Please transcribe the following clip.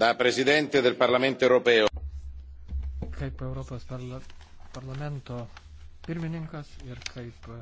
da presidente del Parlamento europeo. Kaip Europos parla parlamento pirmininkas ir kaip